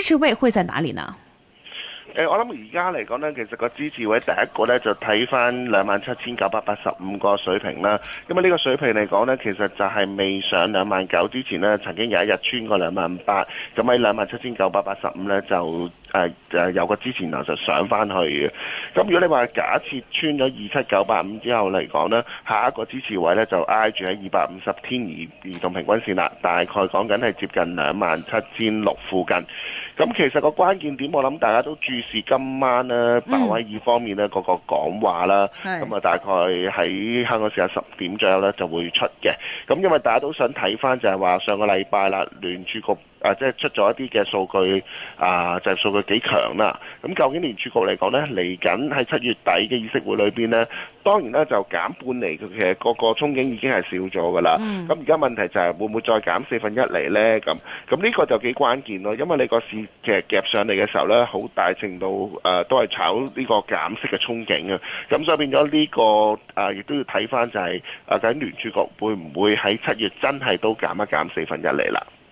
支持位會在哪裏呢？誒、呃，我諗而家嚟講呢，其實個支持位第一個呢，就睇返兩萬七千九百八十五個水平啦。咁啊，呢個水平嚟講呢，其實就係未上兩萬九之前咧，曾經有一日穿過兩萬八。咁喺兩萬七千九百八十五呢，就。誒誒、呃呃、有個支持能就上翻去，咁如果你話假設穿咗二七九八五之後嚟講呢，下一個支持位呢就挨住喺二百五十天移移動平均線啦，大概講緊係接近兩萬七千六附近。咁其實個關鍵點，我諗大家都注視今晚呢，白威爾方面呢個個講話啦，咁啊、mm. 大概喺香港時間十點左右呢就會出嘅。咁因為大家都想睇翻就係話上個禮拜啦，聯儲局。啊，即係出咗一啲嘅數據，啊就係、是、數據幾強啦。咁究竟聯儲局嚟講呢，嚟緊喺七月底嘅議息會裏邊呢，呢當然呢就減半厘，佢其實個個憧憬已經係少咗噶啦。咁而家問題就係、是、會唔會再減四分一厘呢？咁咁呢個就幾關鍵咯，因為你個市其實夾上嚟嘅時候呢，好大程度誒、呃、都係炒呢個減息嘅憧憬嘅。咁所以變咗呢、這個誒，亦、啊、都要睇翻就係、是、啊，緊聯儲局會唔會喺七月真係都減一減四分一厘啦？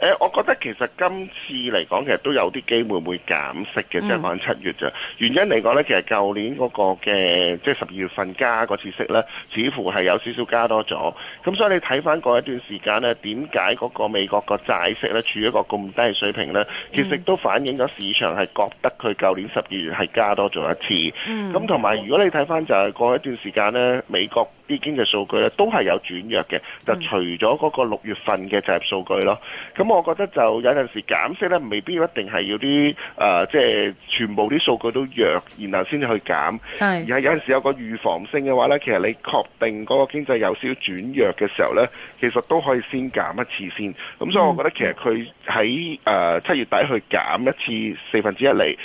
誒、欸，我覺得其實今次嚟講，其實都有啲機會會減息嘅，嗯、就係晚七月啫。原因嚟講咧，其實舊年嗰個嘅即係十二月份加個次息咧，似乎係有少少加多咗。咁所以你睇翻過一段時間咧，點解嗰個美國個債息咧處於一個咁低嘅水平咧？嗯、其實都反映咗市場係覺得佢舊年十二月係加多咗一次。咁同埋如果你睇翻就係過一段時間咧，美國。啲經濟數據咧，都係有轉弱嘅。嗯、就除咗嗰個六月份嘅就業數據咯。咁我覺得就有陣時減息咧，未必要一定係要啲誒，即、呃、係、就是、全部啲數據都弱，然後先至去減。係是。而係有陣時有個預防性嘅話咧，其實你確定嗰個經濟有少少轉弱嘅時候咧，其實都可以先減一次先。咁所以，我覺得其實佢喺誒七月底去減一次四分之一釐，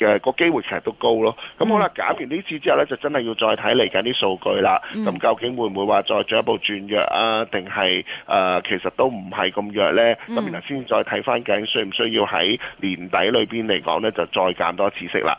而誒個機會其實都高咯。咁好啦，減完呢次之後咧，就真係要再睇嚟緊啲數據啦。咁究竟會唔會話再進一步轉弱啊？定係誒其實都唔係咁弱咧？咁然後先再睇翻究竟需唔需要喺年底裏邊嚟講咧，就再減多次息啦。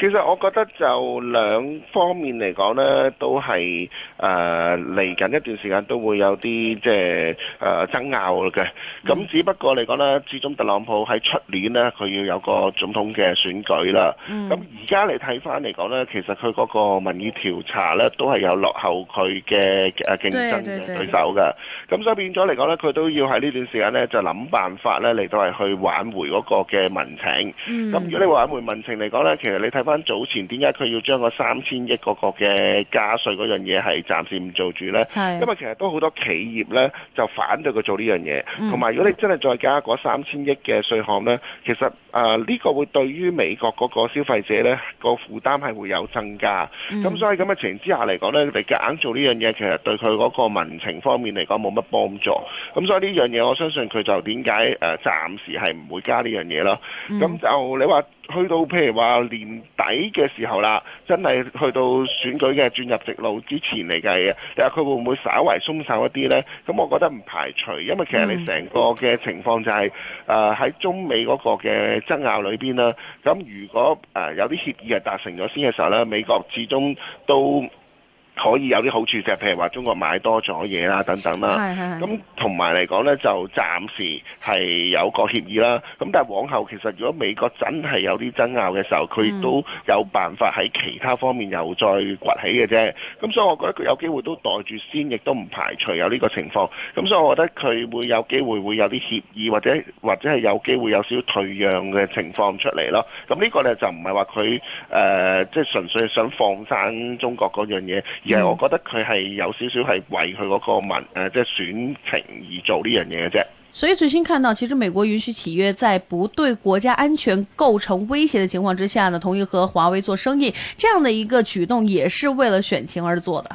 其實我覺得就兩方面嚟講呢，都係誒嚟緊一段時間都會有啲即係誒爭拗嘅。咁只不過嚟講呢，始終特朗普喺出年呢，佢要有個總統嘅選舉啦。咁而家你睇返嚟講呢，其實佢嗰個民意調查呢，都係有落後佢嘅誒競爭嘅對手嘅。咁所以變咗嚟講呢，佢都要喺呢段時間呢，就諗辦法呢嚟到係去挽回嗰個嘅民情。咁如果你話挽回民情嚟講呢，其實你睇返。早前點解佢要將個三千億個個嘅加稅嗰樣嘢係暫時唔做住呢？是因為其實都好多企業呢，就反對佢做呢樣嘢，同埋、嗯、如果你真係再加嗰三千億嘅稅項呢，其實誒呢、呃呢個會對於美國嗰個消費者呢、個負擔係會有增加。咁、嗯、所以咁嘅情形之下嚟講呢，你夾硬做呢樣嘢，其實對佢嗰個民情方面嚟講，冇乜幫助。咁所以呢樣嘢，我相信佢就點解誒暫時係唔會加呢樣嘢咯。咁、嗯、就你話。去到譬如話年底嘅時候啦，真係去到選舉嘅轉入直路之前嚟計嘅，你話佢會唔會稍為鬆手一啲呢？咁我覺得唔排除，因為其實你成個嘅情況就係誒喺中美嗰個嘅爭拗裏邊啦。咁如果誒、呃、有啲協議係達成咗先嘅時候呢，美國始終都。可以有啲好處就譬如話中國買多咗嘢啦等等啦，咁同埋嚟講咧就暫時係有個協議啦。咁但係往後其實如果美國真係有啲爭拗嘅時候，佢都有辦法喺其他方面又再崛起嘅啫。咁所以我覺得佢有機會都袋住先，亦都唔排除有呢個情況。咁所以我覺得佢會有機會會有啲協議，或者或者係有機會有少少退讓嘅情況出嚟咯。咁呢個咧就唔係話佢誒即係純粹想放生中國嗰樣嘢。其實我覺得佢係有少少係為佢嗰個民誒，即、呃、係、就是、選情而做呢樣嘢嘅啫。所以最新看到，其實美國允許企業在不對國家安全構成威脅嘅情況之下呢，同意和華為做生意，這樣的一個舉動也是為了選情而做的。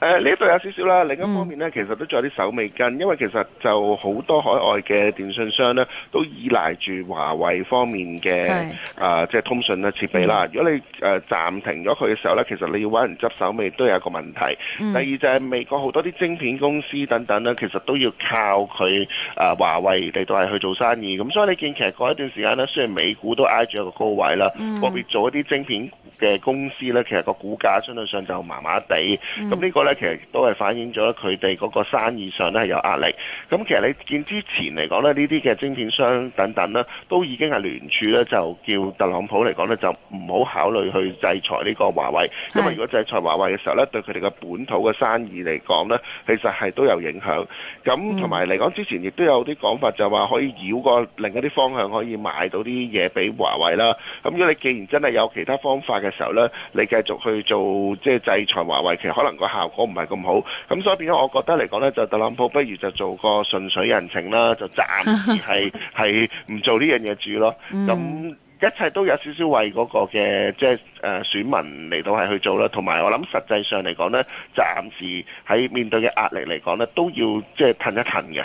誒呢度有少少啦，另一方面咧，其實都仲有啲手尾跟，因為其實就好多海外嘅電信商咧，都依賴住華為方面嘅啊、mm hmm. 呃，即係通訊啦設備啦。Mm hmm. 如果你暫、呃、停咗佢嘅時候咧，其實你要揾人執手尾都有一個問題。Mm hmm. 第二就係美國好多啲晶片公司等等咧，其實都要靠佢啊華為嚟到係去做生意。咁所以你見其實嗰一段時間咧，雖然美股都挨住個高位啦，特別、mm hmm. 做一啲晶片嘅公司咧，其實個股價相對上就麻麻地。咁、mm hmm. 呢個咧～其實都係反映咗佢哋嗰個生意上咧係有壓力。咁其實你見之前嚟講咧，呢啲嘅晶片商等等啦，都已經係聯署咧，就叫特朗普嚟講咧，就唔好考慮去制裁呢個華為。因為如果制裁華為嘅時候咧，對佢哋嘅本土嘅生意嚟講咧，其實係都有影響。咁同埋嚟講之前，亦都有啲講法就話可以繞過另一啲方向，可以買到啲嘢俾華為啦。咁如果你既然真係有其他方法嘅時候咧，你繼續去做即係制裁華為，其實可能個效果，我唔係咁好，咁所以變咗，我覺得嚟講咧，就特朗普不如就做個順水人情啦，就暫時係係唔做呢樣嘢住咯。咁一切都有少少為嗰個嘅即係誒選民嚟到係去做啦。同埋我諗實際上嚟講咧，暫時喺面對嘅壓力嚟講咧，都要即係褪一褪嘅。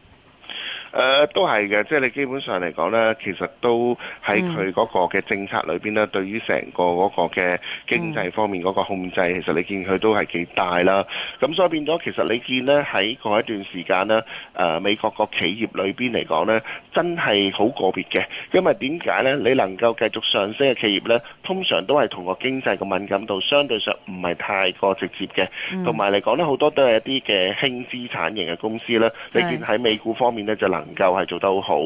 誒、呃、都係嘅，即係你基本上嚟講呢，其實都喺佢嗰個嘅政策裏邊咧，嗯、對於成個嗰個嘅經濟方面嗰個控制，嗯、其實你見佢都係幾大啦。咁所以變咗，其實你見咧，喺嗰一段時間咧，誒、呃、美國個企業裏邊嚟講咧，真係好個別嘅。因為點解咧？你能夠繼續上升嘅企業咧，通常都係同個經濟嘅敏感度相對上唔係太過直接嘅，同埋嚟講咧，好多都係一啲嘅輕資產型嘅公司啦。的你見喺美股方面咧，就能夠係做得好，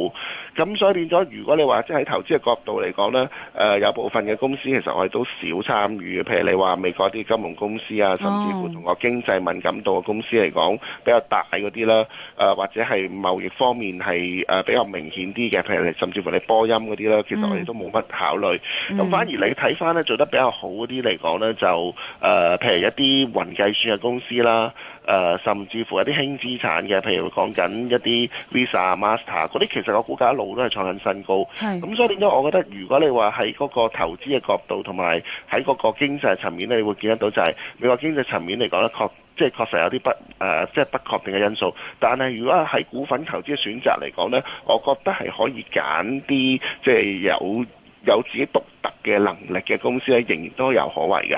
咁所以變咗，如果你話即係喺投資嘅角度嚟講呢，誒、呃、有部分嘅公司其實我哋都少參與，譬如你話美國啲金融公司啊，甚至乎同個經濟敏感度嘅公司嚟講、oh. 比較大嗰啲啦，誒、呃、或者係貿易方面係誒、呃、比較明顯啲嘅，譬如你甚至乎你波音嗰啲啦，其實我哋都冇乜考慮。咁、mm. 反而你睇翻呢做得比較好嗰啲嚟講呢，就誒、呃、譬如一啲雲計算嘅公司啦。誒、呃，甚至乎一啲輕資產嘅，譬如講緊一啲 Visa、Master 嗰啲，其實個股價一路都係創緊新高。咁的所以點解我覺得，如果你話喺嗰個投資嘅角度，同埋喺嗰個經濟層面咧，你會見得到就係美國經濟層面嚟講咧，確即係、就是、確實有啲不誒，即、呃、係、就是、不確定嘅因素。但係如果喺股份投資嘅選擇嚟講咧，我覺得係可以揀啲即係有有自己獨特嘅能力嘅公司咧，仍然都有可為嘅。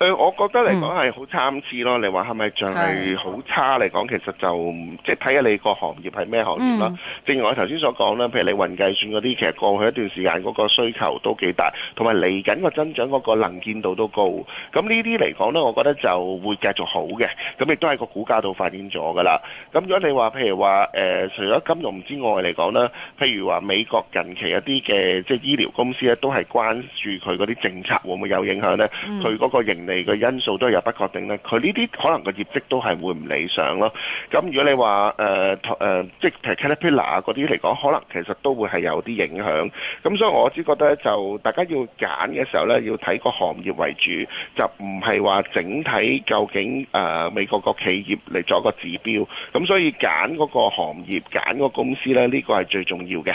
誒，我覺得嚟講係好參差咯。嗯、你話係咪仲係好差嚟講？是其實就即係睇下你個行業係咩行業啦。嗯、正如我頭先所講啦，譬如你雲計算嗰啲，其實過去一段時間嗰個需求都幾大，同埋嚟緊個增長嗰個能見度都高。咁呢啲嚟講呢，我覺得就會繼續好嘅。咁亦都係個股價度反映咗㗎啦。咁如果你話譬如話、呃、除咗金融之外嚟講啦，譬如話美國近期一啲嘅即係醫療公司咧，都係關注佢嗰啲政策會唔會有影響呢？佢嗰、嗯、個營。你嘅因素都有不確定咧，佢呢啲可能個業績都係會唔理想咯。咁如果你話誒誒，即係 Caterpillar 啊嗰啲嚟講，可能其實都會係有啲影響。咁所以我只覺得就大家要揀嘅時候咧，要睇個行業為主，就唔係話整體究竟誒、呃、美國個企業嚟作個指標。咁所以揀嗰個行業，揀個公司咧，呢、呢個係最重要嘅。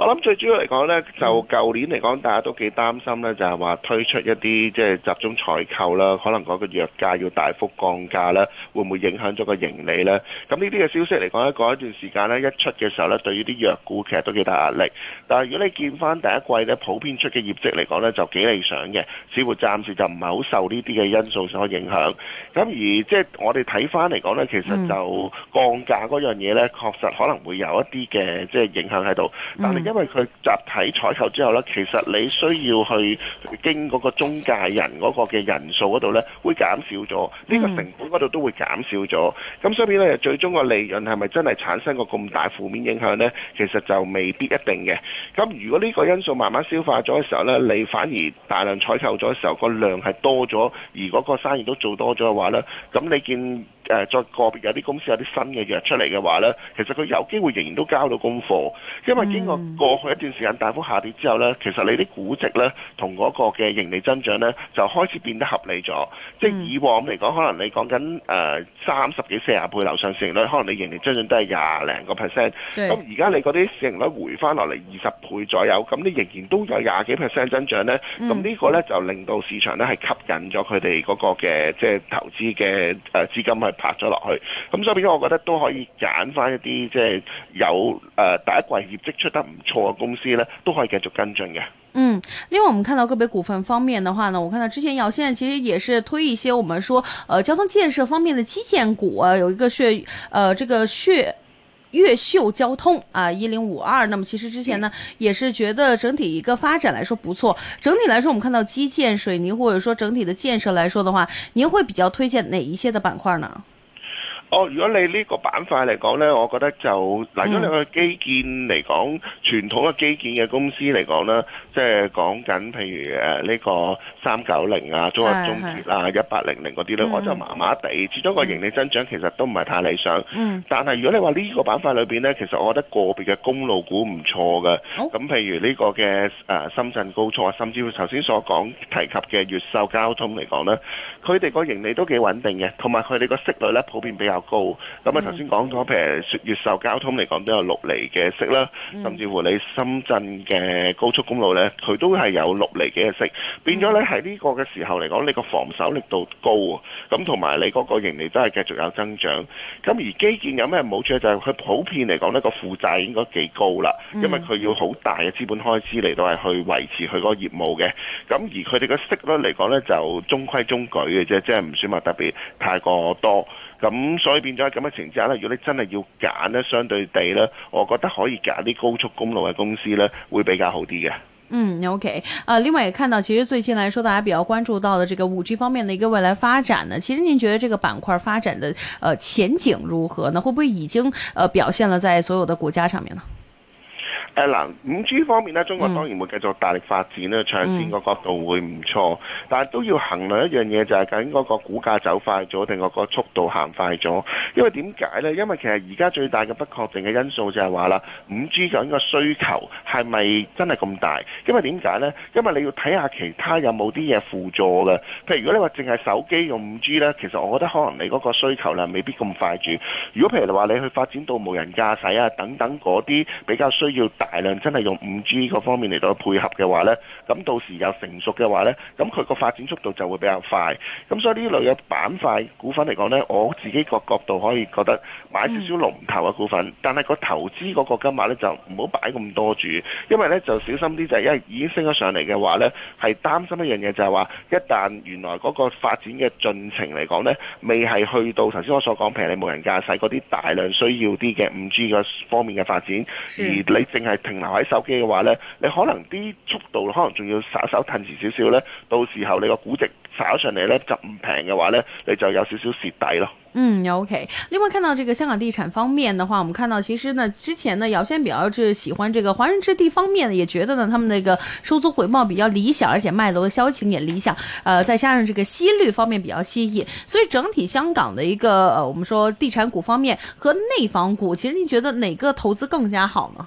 我諗最主要嚟講咧，就舊年嚟講，大家都幾擔心咧，就係話推出一啲即係集中採購啦，可能嗰個藥價要大幅降價啦，會唔會影響咗個盈利咧？咁呢啲嘅消息嚟講咧，嗰一段時間咧，一出嘅時候咧，對於啲藥股其實都幾大壓力。但係如果你見翻第一季咧，普遍出嘅業績嚟講咧，就幾理想嘅，似乎暫時就唔係好受呢啲嘅因素所影響。咁而即係我哋睇翻嚟講咧，其實就降價嗰樣嘢咧，確實可能會有一啲嘅即係影響喺度，但因為佢集體採購之後呢，其實你需要去，去經嗰個中介人嗰個嘅人數嗰度呢，會減少咗，呢個成本嗰度都會減少咗。咁所以呢，最終個利潤係咪真係產生個咁大負面影響呢？其實就未必一定嘅。咁如果呢個因素慢慢消化咗嘅時候呢，你反而大量採購咗嘅時候，個量係多咗，而嗰個生意都做多咗嘅話呢，咁你見。誒、呃，再個別有啲公司有啲新嘅藥出嚟嘅話咧，其實佢有機會仍然都交到功課，因為經過過去一段時間大幅下跌之後咧，其實你啲估值咧同嗰個嘅盈利增長咧就開始變得合理咗。即係以往嚟講，可能你講緊誒三十幾四十倍樓上市盈率，可能你盈利增長都係廿零個 percent。咁而家你嗰啲市盈率回翻落嚟二十倍左右，咁你仍然都有廿幾 percent 增長咧。咁呢個咧就令到市場咧係吸引咗佢哋嗰個嘅即係投資嘅誒資金拍咗落去，咁所以變咗我覺得都可以揀翻一啲即係有誒第一季業績出得唔錯嘅公司咧，都可以繼續跟進嘅。嗯，另外我們看到個別股份方面的話呢，我看到之前有，現在其實也是推一些我們說誒、呃、交通建設方面的基建股，啊，有一個粵誒、呃、這個粵越秀交通啊一零五二。52，那麼其實之前呢是也是覺得整體一個發展來說不錯，整體來說我們看到基建水、水泥或者說整體的建設來說的話，您會比較推薦哪一些的板塊呢？哦，如果你呢個板塊嚟講咧，我覺得就嗱，如果你話基建嚟講，傳統嘅基建嘅公司嚟講咧，即係講緊譬如誒呢個三九零啊、中國中鐵啊、一八零零嗰啲咧，我就麻麻地，始終個盈利增長其實都唔係太理想。嗯，但係如果你話呢個板塊裏邊咧，其實我覺得個別嘅公路股唔錯嘅。好，咁譬如呢個嘅誒深圳高速啊，甚至乎頭先所講提及嘅越秀交通嚟講咧，佢哋個盈利都幾穩定嘅，同埋佢哋個息率咧普遍比較高咁啊！頭先講咗，譬如誒，越秀交通嚟講都有六厘嘅息啦，嗯、甚至乎你深圳嘅高速公路呢，佢都係有六厘幾嘅息。嗯、變咗你喺呢個嘅時候嚟講，你個防守力度高啊！咁同埋你嗰個盈利都係繼續有增長。咁而基建有咩唔好處就係、是、佢普遍嚟講呢個負債應該幾高啦，因為佢要好大嘅資本開支嚟到係去維持佢嗰個業務嘅。咁而佢哋嘅息率嚟講呢，就中規中矩嘅啫，即係唔算話特別太過多。咁所以變咗喺咁嘅情況之下咧，如果你真係要揀呢，相對地呢，我覺得可以揀啲高速公路嘅公司呢，會比較好啲嘅。嗯，OK，啊，另外也看到，其實最近嚟講，大家比較關注到嘅這個 5G 方面嘅一個未來發展呢，其實您覺得呢個板塊發展嘅呃前景如何呢？會不會已經呃表現了在所有的股價上面呢？誒嗱，五、uh, G 方面咧，中國當然會繼續大力發展咧，mm. 長線個角度會唔錯，mm. 但係都要衡量一樣嘢就係究竟嗰個股價走快咗定嗰個速度行快咗。因為點解咧？因為其實而家最大嘅不確定嘅因素就係話啦，五 G 究竟個需求係咪真係咁大？因為點解咧？因為你要睇下其他有冇啲嘢輔助嘅。譬如如果你話淨係手機用五 G 咧，其實我覺得可能你嗰個需求啦未必咁快住，如果譬如話你去發展到無人駕駛啊等等嗰啲比較需要。大量真係用五 G 嗰方面嚟到配合嘅話咧，咁到時又成熟嘅話咧，咁佢個發展速度就會比較快。咁所以呢類嘅板塊股份嚟講咧，我自己個角度可以覺得買少少龍頭嘅股份，嗯、但係個投資嗰個金額咧就唔好擺咁多住，因為咧就小心啲就係因為已經升咗上嚟嘅話咧，係擔心一樣嘢就係話一旦原來嗰個發展嘅進程嚟講咧，未係去到頭先我所講，譬如你無人駕駛嗰啲大量需要啲嘅五 G 嘅方面嘅發展，嗯、而你淨係。係停留喺手機嘅話咧，你可能啲速度可能仲要稍稍褪遲少少咧，到時候你個估值炒上嚟咧就唔平嘅話咧，你就有少少蝕底咯。嗯，OK。另外看到這個香港地產方面嘅話，我們看到其實呢之前呢，姚先生比較是喜歡這個華潤置地方面，呢也覺得呢他們那個收租回報比較理想，而且賣樓嘅銷情也理想。呃，再加上這個息率方面比較適宜，所以整體香港嘅一個，呃，我們說地產股方面和內房股，其實你覺得哪個投資更加好呢？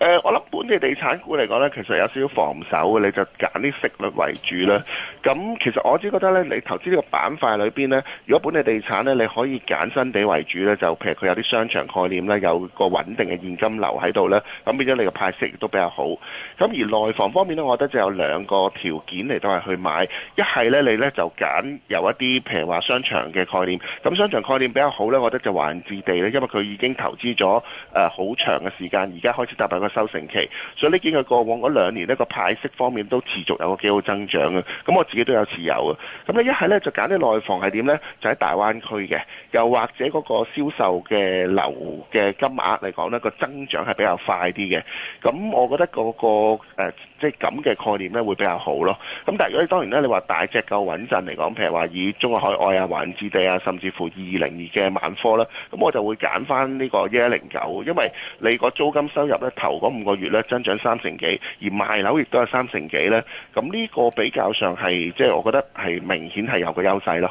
誒、呃，我諗本地地產股嚟講咧，其實有少少防守嘅，你就揀啲息率為主啦。咁其實我只覺得咧，你投資呢個板塊裏邊咧，如果本地地產咧，你可以揀新地為主咧，就譬如佢有啲商場概念啦，有個穩定嘅現金流喺度呢，咁變咗你個派息亦都比較好。咁而內房方面咧，我覺得就有兩個條件嚟到係去買，一係咧你咧就揀有一啲譬如話商場嘅概念，咁商場概念比較好咧，我覺得就華潤置地咧，因為佢已經投資咗好、呃、長嘅時間，而家開始搭。收成期，所以呢幾個過往嗰兩年呢個派息方面都持續有個幾好增長嘅。咁我自己都有持有嘅，咁咧一係咧就揀啲內房係點咧？就喺大灣區嘅，又或者嗰個銷售嘅樓嘅金額嚟講咧個增長係比較快啲嘅。咁我覺得嗰、那個、呃即係咁嘅概念咧，會比較好咯。咁但係如果當然咧，你話大隻夠穩陣嚟講，譬如話以中國海外啊、環置地啊，甚至乎二零二嘅萬科啦，咁我就會揀翻呢個一一零九，因為你個租金收入咧頭嗰五個月咧增長三成幾，而賣樓亦都係三成幾咧。咁呢個比較上係即係我覺得係明顯係有個優勢咯。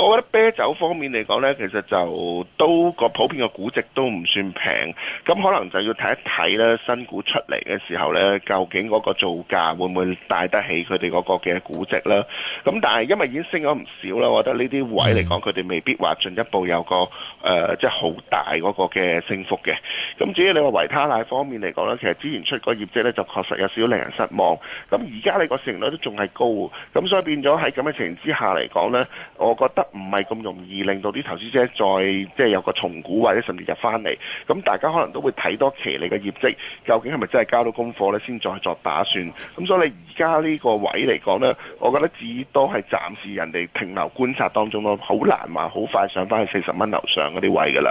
我覺得啤酒方面嚟講呢，其實就都個普遍嘅估值都唔算平，咁可能就要睇一睇咧，新股出嚟嘅時候呢，究竟嗰個造價會唔會帶得起佢哋嗰個嘅估值啦。咁但係因為已經升咗唔少啦，我覺得呢啲位嚟講，佢哋未必話進一步有個誒、呃，即係好大嗰個嘅升幅嘅。咁至於你話維他奶方面嚟講呢，其實之前出個業績呢，就確實有少少令人失望。咁而家你個市盈率都仲係高，咁所以變咗喺咁嘅情形之下嚟講呢，我覺得，唔係咁容易令到啲投資者再即係有個重估或者甚至入翻嚟，咁大家可能都會睇多期你嘅業績，究竟係咪真係交到功課呢？先再作打算。咁所以你而家呢個位嚟講呢，我覺得至多係暫時人哋停留觀察當中咯，好難話好快上翻去四十蚊樓上嗰啲位噶啦。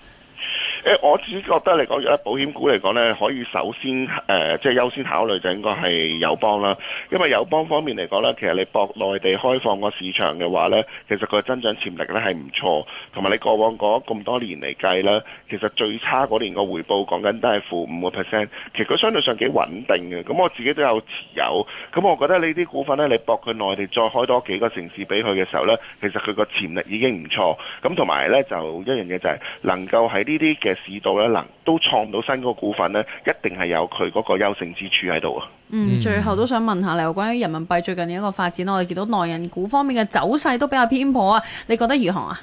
誒、欸，我只覺得你講咗保險股嚟講咧，可以首先誒，即、呃、係、就是、優先考慮就應該係友邦啦。因為友邦方面嚟講咧，其實你博內地開放個市場嘅話咧，其實佢增長潛力咧係唔錯，同埋你過往嗰咁多年嚟計呢，其實最差嗰年個回報講緊都係負五個 percent，其實佢相對上幾穩定嘅。咁我自己都有持有，咁我覺得呢啲股份咧，你博佢內地再開多幾個城市俾佢嘅時候咧，其實佢個潛力已經唔錯。咁同埋咧，就一樣嘢就係、是、能夠喺呢啲嘅。市道咧，能都創到新嗰個股份咧，一定係有佢嗰個優勝之處喺度啊！嗯，最後都想問下你，關於人民幣最近嘅一個發展，我哋見到內人股方面嘅走勢都比較偏頗啊，你覺得如何啊？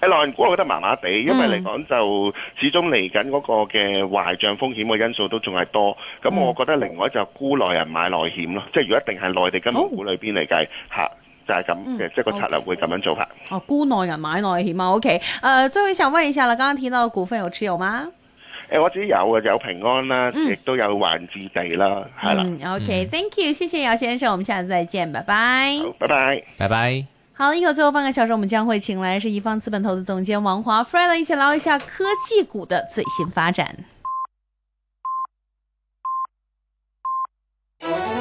誒、欸，內人股我覺得麻麻地，因為嚟講、嗯、就始終嚟緊嗰個嘅壞帳風險嘅因素都仲係多，咁我覺得另外就是沽內人買內險咯，即係如果一定係內地金融股裏好邊嚟計嚇。就係咁嘅，即係個策略會咁樣做嘅。哦、嗯，沽、okay. 內、啊、人買內險啊，OK、呃。誒，最後想問一下啦，剛剛提到股份有持有嗎？誒、欸，我自己有嘅，有平安啦，亦、嗯、都有環置地啦，係啦、嗯。OK，Thank、okay, 嗯、you，謝謝姚先生，我們下次再見，拜拜。好，拜拜，拜拜 bye。好，因為最後半個小時，我們將會請來是一方資本投資總監王華 Fred，a, 一起聊一下科技股的最新發展。